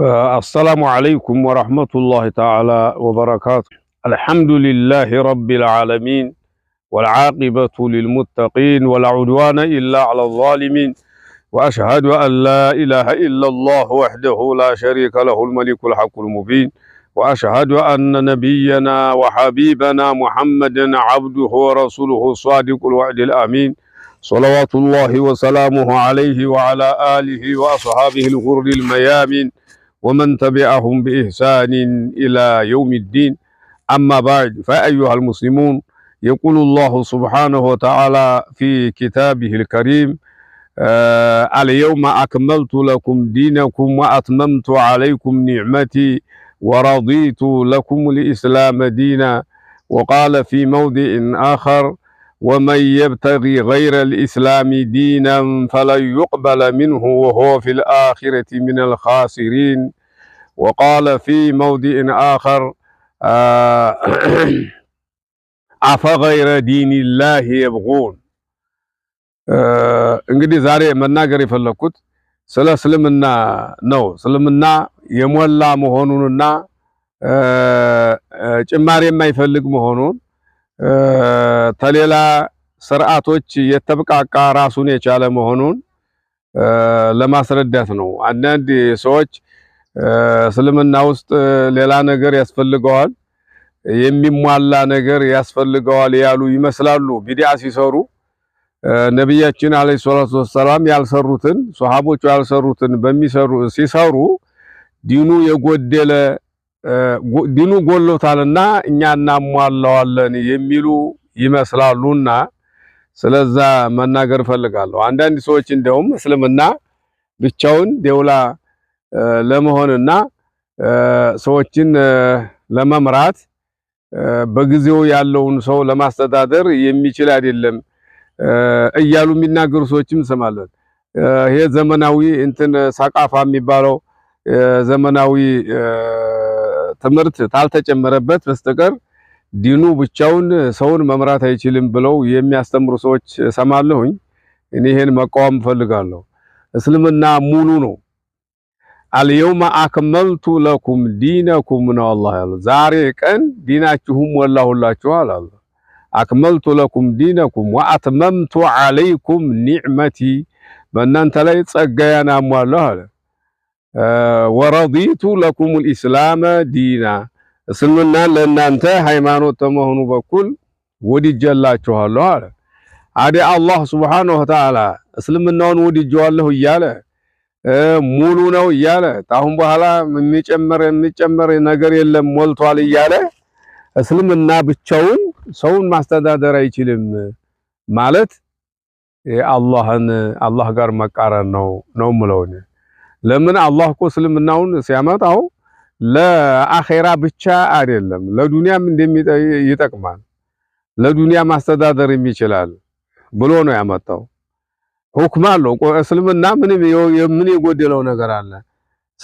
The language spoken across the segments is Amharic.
آه، السلام عليكم ورحمة الله تعالى وبركاته الحمد لله رب العالمين والعاقبة للمتقين ولا عدوان إلا على الظالمين وأشهد أن لا إله إلا الله وحده لا شريك له الملك الحق المبين وأشهد أن نبينا وحبيبنا محمدا عبده ورسوله الصادق الوعد الأمين صلوات الله وسلامه عليه وعلى آله وأصحابه الغر الميامين ومن تبعهم بإحسان إلى يوم الدين أما بعد فأيها المسلمون يقول الله سبحانه وتعالى في كتابه الكريم آه اليوم أكملت لكم دينكم وأتممت عليكم نعمتي ورضيت لكم الإسلام دينا وقال في موضع آخر ومن يبتغي غير الإسلام دينا فلن يقبل منه وهو في الآخرة من الخاسرين وقال في موضئ آخر آه، غير دين الله يبغون انجدي زاري منا غريف اللقود سلا سلمنا نو سلمنا يمولا مهونونا جماري ما يفلق مهونون ተሌላ ስርዓቶች የተብቃቃ ራሱን የቻለ መሆኑን ለማስረዳት ነው። አንዳንድ ሰዎች እስልምና ውስጥ ሌላ ነገር ያስፈልገዋል፣ የሚሟላ ነገር ያስፈልገዋል ያሉ ይመስላሉ ቢዲያ ሲሰሩ። ነቢያችን አለይሂ ሰላቱ ወሰላም ያልሰሩትን ሶሃቦቹ ያልሰሩትን በሚሰሩ ሲሰሩ ዲኑ የጎደለ ዲኑ ጎሎታልና እኛ እናሟላዋለን የሚሉ ይመስላሉና ስለዛ መናገር እፈልጋለሁ። አንዳንድ ሰዎች እንደውም እስልምና ብቻውን ደውላ ለመሆንና ሰዎችን ለመምራት በጊዜው ያለውን ሰው ለማስተዳደር የሚችል አይደለም እያሉ የሚናገሩ ሰዎችም እንሰማለን። ይሄ ዘመናዊ እንትን ሳቃፋ የሚባለው ዘመናዊ ትምህርት ካልተጨመረበት በስተቀር ዲኑ ብቻውን ሰውን መምራት አይችልም ብለው የሚያስተምሩ ሰዎች ሰማለሁኝ። እኔ ይሄን መቃወም እፈልጋለሁ። እስልምና ሙሉ ነው። አልየውመ አክመልቱ ለኩም ዲነኩም ነው አላህ ያለው። ዛሬ ቀን ዲናችሁም ወላሁላችኋል አለ። አክመልቱ ለኩም ዲነኩም ወአትመምቱ አለይኩም ኒዕመቲ፣ በእናንተ ላይ ጸጋዬን አሟለሁ አለ። ወረዲቱ ለኩሙል ኢስላመ ዲና እስልምናን ለእናንተ ሃይማኖት ተመሆኑ በኩል ወድጀላችኋለሁ አለ። አዲ አላህ ሱብሓነሁ ወተዓላ እስልምናውን ወድጀዋለሁ እያለ ሙሉ ነው እያለ ታሁን በኋላ የሚጨመር የሚጨመር ነገር የለም ሞልቷል እያለ እስልምና ብቻውን ሰውን ማስተዳደር አይችልም ማለት አላህን አላህ ጋር መቃረን ነው ነው ምለውን ለምን አላህ እኮ እስልምናውን ሲያመጣው ለአኼራ ብቻ አይደለም፣ ለዱንያም ይጠቅማል፣ ለዱንያ ማስተዳደር ይችላል ብሎ ነው ያመጣው። ሁክም አለው እስልምና። ምን የጎደለው ነገር አለ?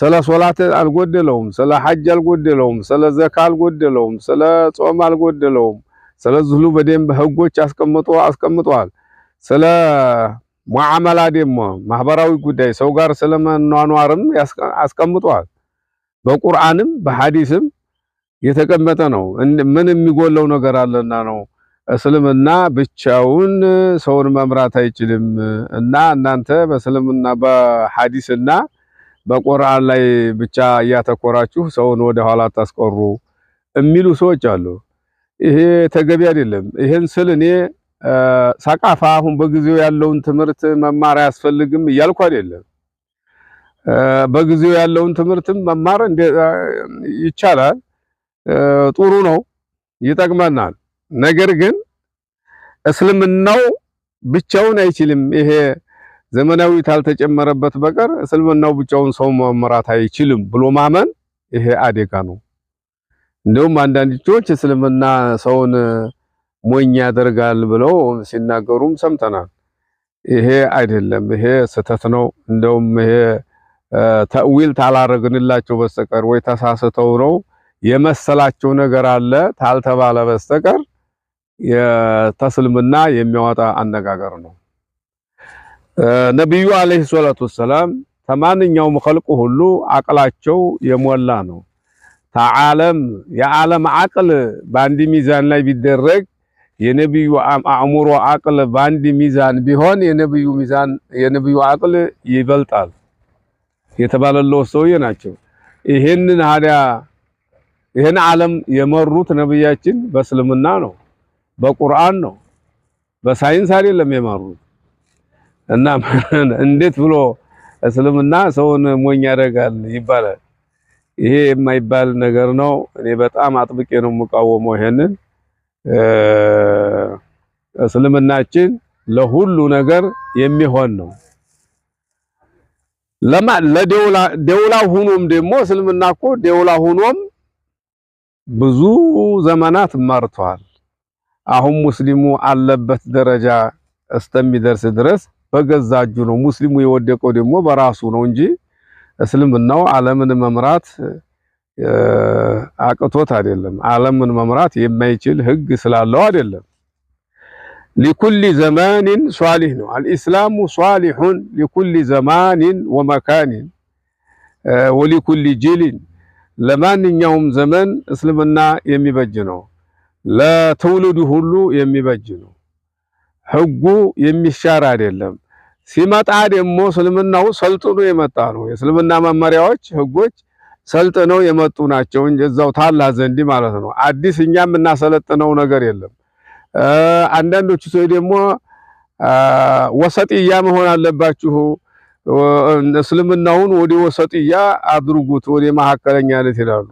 ስለ ሶላት አልጎደለውም፣ ስለ ሐጅ አልጎደለውም፣ ስለ ዘካ አልጎደለውም፣ ስለ ጾም አልጎደለውም። ስለ ዝሉ በደንብ ህጎች አስቀምጦ አስቀምጧል። ስለ ሙዓመላ ደግሞ ማህበራዊ ጉዳይ ሰው ጋር ስለመኗኗርም አስቀምጧል። በቁርአንም በሐዲስም የተቀመጠ ነው። ምን የሚጎለው ነገር አለና ነው? እስልምና ብቻውን ሰውን መምራት አይችልም እና እናንተ በእስልምና በሐዲስና በቁርአን ላይ ብቻ እያተኮራችሁ ሰውን ወደ ኋላ አታስቀሩ የሚሉ ሰዎች አሉ። ይሄ ተገቢ አይደለም። ይሄን ስል እኔ ሳቃፋ አሁን በጊዜው ያለውን ትምህርት መማር አያስፈልግም እያልኩ አይደለም። በጊዜው ያለውን ትምህርትም መማር ይቻላል፣ ጥሩ ነው፣ ይጠቅመናል። ነገር ግን እስልምናው ብቻውን አይችልም። ይሄ ዘመናዊ ታልተጨመረበት በቀር እስልምናው ብቻውን ሰው መምራት አይችልም ብሎ ማመን ይሄ አደጋ ነው። እንደውም አንዳንድ ልጆች እስልምና ሰውን ሞኝ ያደርጋል ብለው ሲናገሩም ሰምተናል። ይሄ አይደለም፣ ይሄ ስህተት ነው። እንደውም ይሄ ተዊል ታላረግንላቸው በስተቀር ወይ ተሳስተው ነው የመሰላቸው ነገር አለ ታልተባለ በስተቀር የተስልምና የሚያወጣ አነጋገር ነው። ነቢዩ አለይሂ ሰላቱ ወሰላም ከማንኛውም ኸልቁ ሁሉ አቅላቸው የሞላ ነው። ተዓለም የዓለም አቅል በአንድ ሚዛን ላይ ቢደረግ የነብዩ አእምሮ አቅል በአንድ ሚዛን ቢሆን የነብዩ ሚዛን የነብዩ አቅል ይበልጣል የተባለለው ሰውዬ ናቸው። ይሄንን ሀዲያ ይሄን ዓለም የመሩት ነብያችን በእስልምና ነው፣ በቁርአን ነው፣ በሳይንስ አይደለም የመሩት። እና እንዴት ብሎ እስልምና ሰውን ሞኝ ያደርጋል ይባላል። ይሄ የማይባል ነገር ነው። እኔ በጣም አጥብቄ ነው የምቃወመው ይሄንን እስልምናችን ለሁሉ ነገር የሚሆን ነው። ለማ ለደውላ ደውላ ሁኖም ደግሞ እስልምና እኮ ደውላ ሁኖም ብዙ ዘመናት መርቷል። አሁን ሙስሊሙ አለበት ደረጃ እስተሚደርስ ድረስ በገዛ እጁ ነው። ሙስሊሙ የወደቀው ደግሞ በራሱ ነው እንጂ እስልምናው ዓለምን መምራት አቅቶት አይደለም። ዓለምን መምራት የማይችል ህግ ስላለው አይደለም። ሊኩሊ ዘማኒን ሷሊህ ነው። አልኢስላሙ ሷሊሁን ሊኩሊ ዘማኒን ወመካኒን ወሊኩሊ ጅሊን፣ ለማንኛውም ዘመን እስልምና የሚበጅ ነው። ለትውልዱ ሁሉ የሚበጅ ነው። ህጉ የሚሻር አይደለም። ሲመጣ ደግሞ እስልምናው ሰልጥኖ የመጣ ነው። የእስልምና መመሪያዎች ህጎች ሰልጥነው የመጡ ናቸው እንጂ እዛው ታላ ዘንድ ማለት ነው። አዲስ እኛ የምናሰለጥነው ነገር የለም። አንዳንዶቹ ሰው ደግሞ ወሰጥያ መሆን አለባችሁ እስልምናውን ወደ ወሰጥያ አድርጉት ወደ መካከለኛነት ይላሉ።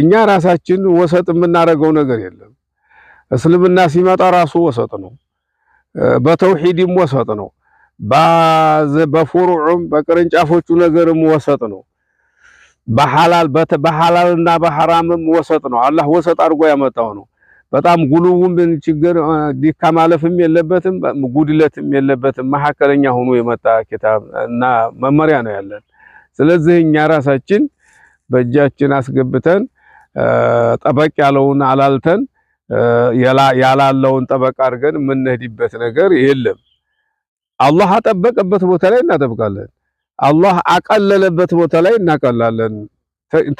እኛ ራሳችን ወሰጥ የምናደርገው ነገር የለም። እስልምና ሲመጣ ራሱ ወሰጥ ነው። በተውሂድም ወሰጥ ነው። በፉሩዑም በቅርንጫፎቹ ነገርም ወሰጥ ነው። በሐላል በሐላልና በሐራምም ወሰጥ ነው። አላህ ወሰጥ አድርጎ ያመጣው ነው። በጣም ጉሉውም ችግር ዲካ ማለፍም የለበትም ጉድለትም የለበትም። መካከለኛ ሆኖ የመጣ ኪታብ እና መመሪያ ነው ያለን። ስለዚህ እኛ ራሳችን በእጃችን አስገብተን ጠበቅ ያለውን አላልተን ያላለውን ጠበቅ አድርገን የምንሄድበት ነገር የለም። አላህ አጠበቀበት ቦታ ላይ እናጠብቃለን። አላህ አቀለለበት ቦታ ላይ እናቀላለን።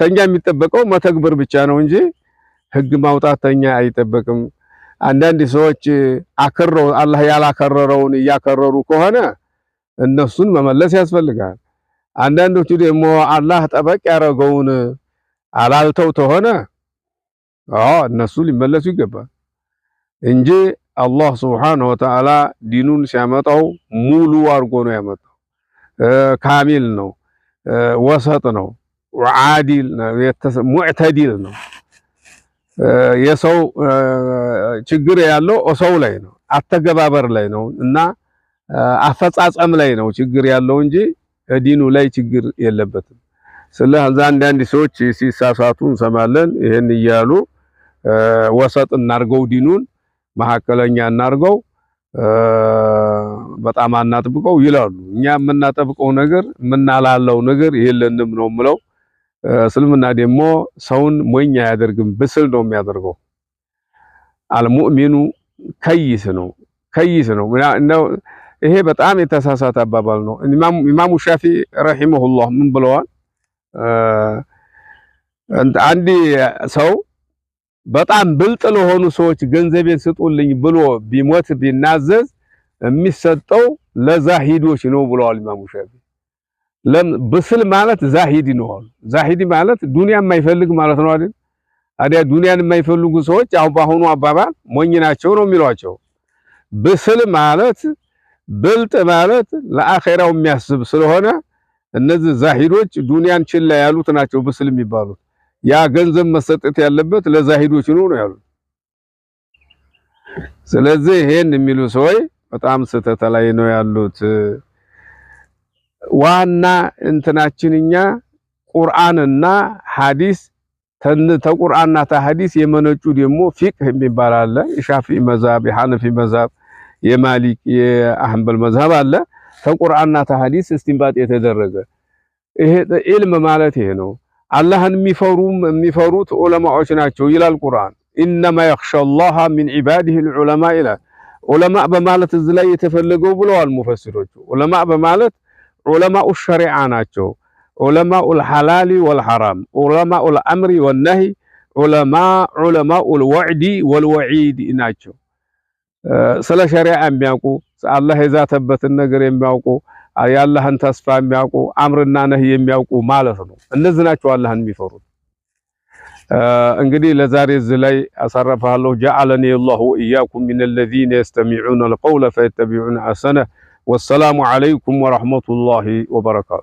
ተኛ የሚጠበቀው መተግበር ብቻ ነው እንጂ ህግ ማውጣት ተኛ አይጠበቅም። አንዳንድ ሰዎች አከረው አላህ ያላከረረውን እያከረሩ ከሆነ እነሱን መመለስ ያስፈልጋል። አንዳንዶቹ ደግሞ አላህ ጠበቅ ያደረገውን አላልተው ተሆነ እነሱ ሊመለሱ ይገባል እንጂ አላህ ሱብሓነሁ ወተዓላ ዲኑን ሲያመጣው ሙሉ አድርጎ ነው ያመጣው። ካሚል ነው፣ ወሰጥ ነው፣ ዓዲል ሙዕተዲል ነው። የሰው ችግር ያለው ሰው ላይ ነው፣ አተገባበር ላይ ነው እና አፈጻጸም ላይ ነው ችግር ያለው እንጂ ዲኑ ላይ ችግር የለበትም። ስለዚህ አንዳንድ ሰዎች ሲሳሳቱ እንሰማለን። ይሄን እያሉ ወሰጥ እናርገው ዲኑን መካከለኛ እናርገው በጣም አናጥብቀው ይላሉ። እኛ የምናጠብቀው ነገር የምናላለው ነገር የለንም ነው የምለው። እስልምና ደግሞ ሰውን ሞኝ አያደርግም፣ ብስል ነው የሚያደርገው። አልሙእሚኑ ከይስ ነው ከይስ ነው። ይሄ በጣም የተሳሳተ አባባል ነው። ኢማሙ ሻፊ ረሂመሁላህ ምን ብለዋል? አንድ ሰው በጣም ብልጥ ለሆኑ ሰዎች ገንዘቤን ስጡልኝ ብሎ ቢሞት ቢናዘዝ የሚሰጠው ለዛሂዶች ነው ብለዋል ኢማሙ ሻፊዒ። ብስል ማለት ዛሂድ ነው ዛሂድ ማለት ዱንያ የማይፈልግ ማለት ነው አይደል? አዲያ ዱንያን የማይፈልጉ ሰዎች አሁን በአሁኑ አባባል ሞኝ ናቸው ነው የሚሏቸው። ብስል ማለት ብልጥ ማለት ለአኼራው የሚያስብ ስለሆነ እነዚህ ዛሂዶች ዱንያን ችላ ያሉት ናቸው ብስል የሚባሉት። ያ ገንዘብ መሰጠት ያለበት ለዛሂዶች ነው ነው ያሉት። ስለዚህ ይሄን የሚሉ ሰዎች በጣም ስህተት ላይ ነው ያሉት። ዋና እንትናችንኛ ቁርአንና ሐዲስ ተን ተቁርአንና ተሐዲስ የመነጩ ደግሞ ፊቅህ የሚባል አለ። የሻፊዒ መዛብ፣ የሐነፊ መዛብ፣ የማሊክ የአህንበል መዛብ አለ። ተቁርአንና ተሐዲስ እስቲንባጥ የተደረገ ይሄ ዒልም ማለት ይሄ ነው። አላህን የሚፈሩም የሚፈሩት ዑለማዎች ናቸው ይላል ቁርአን። ኢነማ የኽሸላህ ሚን ዒባዲሂል ዑለማ ይላል። ዑለማ በማለት እዚ ላይ የተፈለገው ብለዋል ሙፈሲሮቹ። ዑለማ በማለት ዑለማኡ ሸሪዓ ናቸው። ዑለማኡል ሐላሊ ወልሐራም፣ ዑለማኡል አምሪ ወነሂ፣ ዑለማ ዑለማኡል ወዕዲ ወልወዒድ ናቸው። ስለ ሸሪዓ የሚያውቁ አላህ የዛተበትን ነገር የሚያውቁ የአላህን ተስፋ የሚያውቁ አምርና ነህ የሚያውቁ ማለት ነው። እነዚህ ናቸው አላህን የሚፈሩት። እንግዲህ ለዛሬ እዚህ ላይ አሳረፋለሁ። ጀዐለኒ ላሁ እያኩም ሚነ ለዚነ የስተሚዑነ አልቀውለ ፈየተቢዑነ አሰነ። ወሰላሙ ዓለይኩም ወረሕመቱላሂ ወበረካቱ።